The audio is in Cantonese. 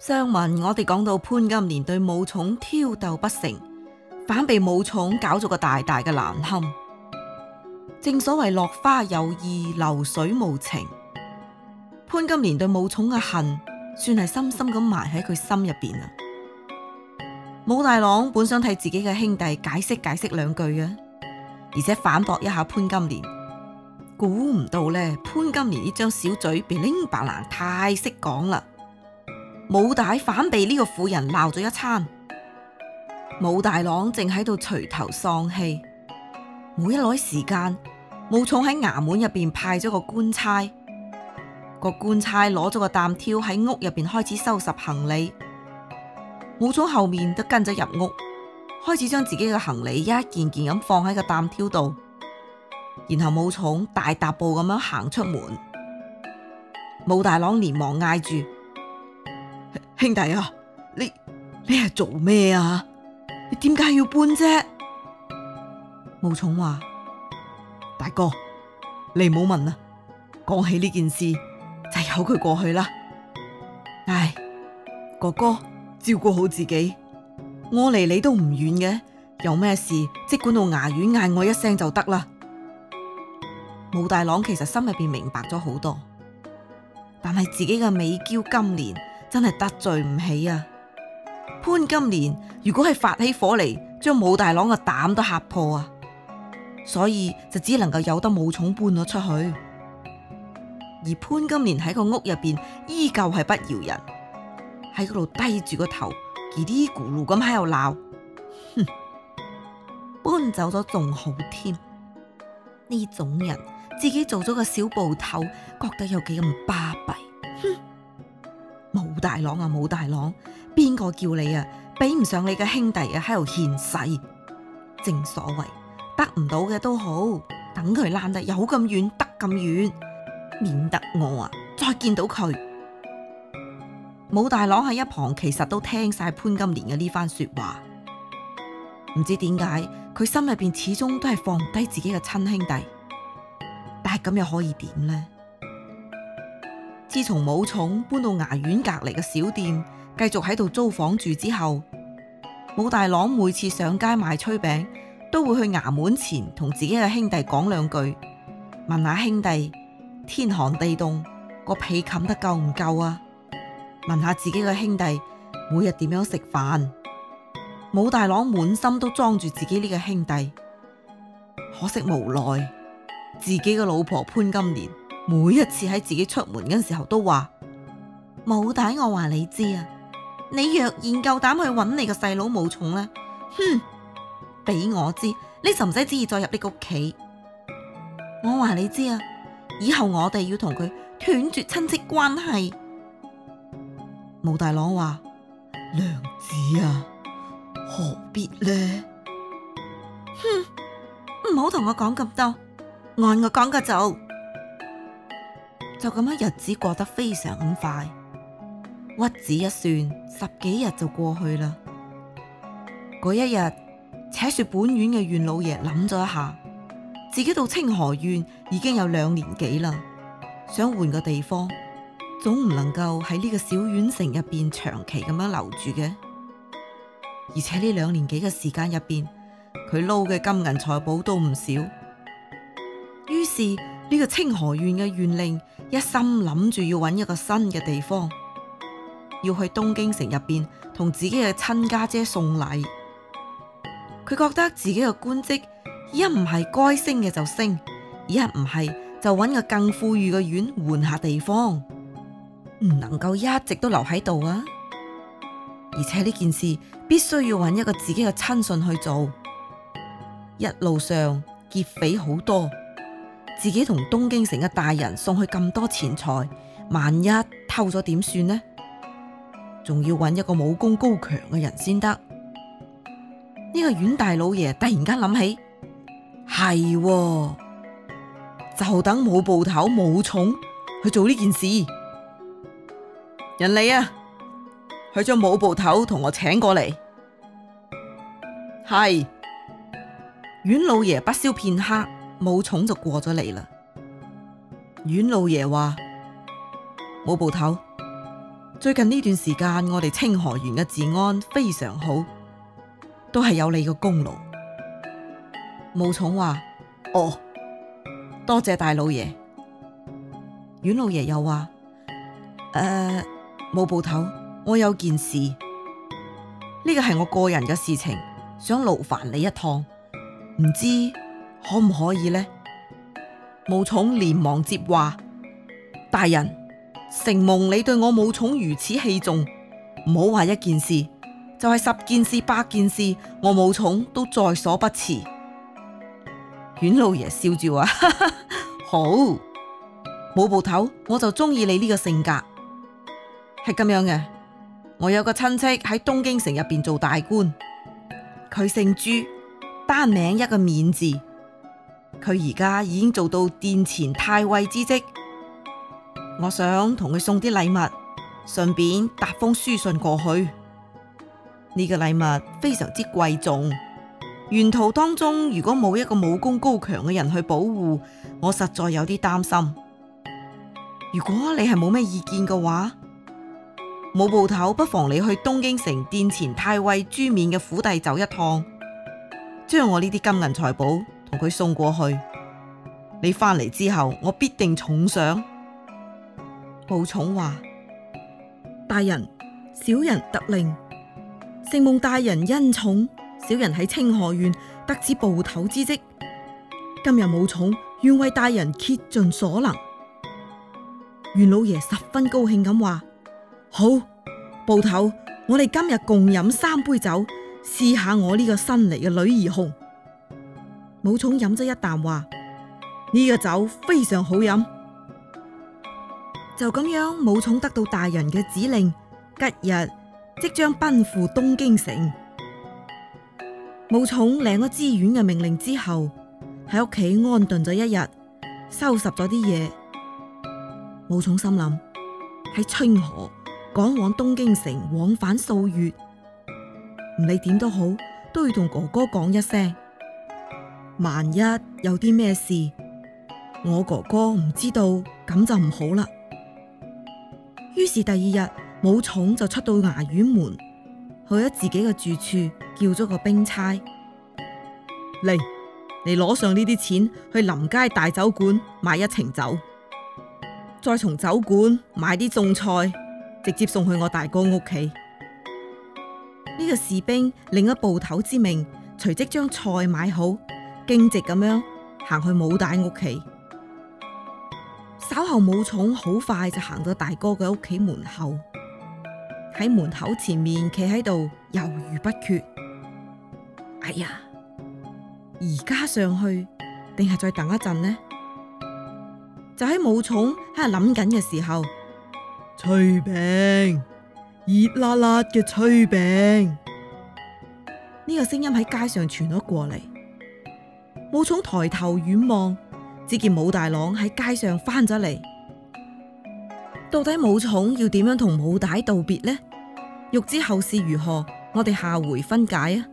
上文我哋講到潘金蓮對武松挑逗不成，反被武松搞咗個大大嘅難堪。正所謂落花有意，流水無情。潘金蓮對武松嘅恨，算係深深咁埋喺佢心入邊啦。武大郎本想替自己嘅兄弟解釋解釋兩句嘅，而且反駁一下潘金蓮，估唔到呢，潘金蓮呢張小嘴變拎白蘭太識講啦。武大反被呢個婦人鬧咗一餐，武大郎正喺度垂頭喪氣。冇一耐時間，武松喺衙門入邊派咗個官差，個官差攞咗個擔挑喺屋入邊開始收拾行李。武松後面都跟咗入屋，開始將自己嘅行李一件件咁放喺個擔挑度，然後武松大踏步咁樣行出門，武大郎連忙嗌住。兄弟啊，你你係做咩啊？你點解要搬啫？武松話，大哥，你唔好問啦。講起呢件事，就由、係、佢過去啦。唉，哥哥，照顧好自己。我離你都唔遠嘅，有咩事即管到衙院嗌我一聲就得啦。武大郎其實心入邊明白咗好多，但係自己嘅美嬌金蓮，真係得罪唔起啊！潘金蓮如果係發起火嚟，將武大郎嘅膽都嚇破啊！所以就只能夠有得武松搬咗出去，而潘金蓮喺個屋入邊依舊係不饒人，喺嗰度低住個頭，嘰啲咕嚕咁喺度鬧，哼！搬走咗仲好添，呢種人自己做咗個小捕頭，覺得有幾咁巴閉，哼！武大郎啊，武大郎，邊個叫你啊？比唔上你嘅兄弟啊，喺度獻世。正所謂得唔到嘅都好，等佢爛得有咁遠，得咁遠，免得我啊再見到佢。武大郎喺一旁，其實都聽晒潘金蓮嘅呢番說話。唔知點解，佢心入邊始終都係放唔低自己嘅親兄弟。但係咁又可以點呢？自從武松搬到衙院隔籬嘅小店，繼續喺度租房住之後，武大郎每次上街賣炊餅，都會去衙門前同自己嘅兄弟講兩句，問下兄弟天寒地凍個被冚得夠唔夠啊？問下自己嘅兄弟每日點樣食飯？武大郎滿心都裝住自己呢個兄弟，可惜無奈自己嘅老婆潘金蓮。每一次喺自己出門嗰時候都話，武大我話你知啊，你若然夠膽去揾你個細佬武松咧，哼，俾我知，你就唔使旨意再入呢個屋企。我話你知啊，以後我哋要同佢斷絕親戚關係。武大郎話：娘子啊，何必呢？哼，唔好同我講咁多，按我講嘅就。」就咁樣日子過得非常咁快，屈指一算，十幾日就過去啦。嗰一日，且說本縣嘅縣老爺諗咗一下，自己到清河縣已經有兩年幾啦，想換個地方，總唔能夠喺呢個小縣城入邊長期咁樣留住嘅。而且呢兩年幾嘅時間入邊，佢撈嘅金銀財寶都唔少。於是呢個清河縣嘅縣令。一心諗住要揾一個新嘅地方，要去東京城入邊同自己嘅親家姐送禮。佢覺得自己嘅官職一唔係該升嘅就升，一唔係就揾個更富裕嘅縣換下地方，唔能夠一直都留喺度啊！而且呢件事必須要揾一個自己嘅親信去做。一路上劫匪好多。自己同東京城嘅大人送去咁多錢財，萬一偷咗點算呢？仲要搵一個武功高強嘅人先得。呢個阮大老爺突然間諗起，係， 就等武部頭武松去做呢件事。人嚟啊，佢將武部頭同我請過嚟。係是，阮老爺不消片刻。武松就過咗嚟，啦。阮老爺話：武捕頭，最近呢段時間我哋清河縣嘅治安非常好，都係有你個功勞。武松話：哦，多謝大老爺。阮老爺又話：誒、呃，武捕頭，我有件事，呢、這個係我個人嘅事情，想勞煩你一趟，唔知？可唔可以呢？武松連忙接話：大人，承蒙你對我武松如此器重，唔好話一件事，就係、是、十件事、八件事，我武松都在所不辭。阮老爺笑住話： 好，武捕頭，我就中意你呢個性格，係咁樣嘅。我有個親戚喺東京城入邊做大官，佢姓朱，單名一個勉字。佢而家已經做到殿前太尉之職，我想同佢送啲禮物，順便搭封書信過去。呢個禮物非常之貴重，沿途當中如果冇一個武功高強嘅人去保護，我實在有啲擔心。如果你係冇咩意見嘅話，武都頭不妨你去東京城殿前太尉朱勔嘅府邸走一趟，將我呢啲金銀財寶。佢送過去，你翻嚟之後，我必定重賞。布寵話：大人，小人得令。承蒙大人恩寵，小人喺清河縣得知捕頭之職。今日布寵願為大人竭盡所能。袁老爺十分高興咁話：好，捕頭，我哋今日共飲三杯酒，試下我呢個新嚟嘅女兒紅。武松飲咗一啖，話呢個酒非常好飲。就咁樣，武松得到大人嘅指令，吉日即將奔赴東京城。武松領咗支院嘅命令之後，喺屋企安頓咗一日，收拾咗啲嘢。武松心諗喺清河趕往東京城，往返數月，唔理點都好，都要同哥哥講一聲。萬一有啲咩事，我哥哥唔知道，咁就唔好啦。於是第二日武松就出到衙院門，去咗自己嘅住處，叫咗個兵差嚟，你攞上呢啲錢，去臨街大酒館買一埕酒，再從酒館買啲餸菜，直接送去我大哥屋企。呢個士兵領咗捕頭之命，隨即將菜買好。徑直咁樣行去武大屋企，稍後武松好快就行到大哥嘅屋企門口，喺門口前面企喺度猶豫不決。哎呀，而家上去定係再等一陣呢？就喺武松喺度諗緊嘅時候，炊餅熱辣辣嘅炊餅，呢個聲音喺街上傳咗過嚟。武松抬頭遠望，只見武大郎喺街上返咗嚟。到底武松要點樣同武大道別呢？欲知後事如何，我哋下回分解。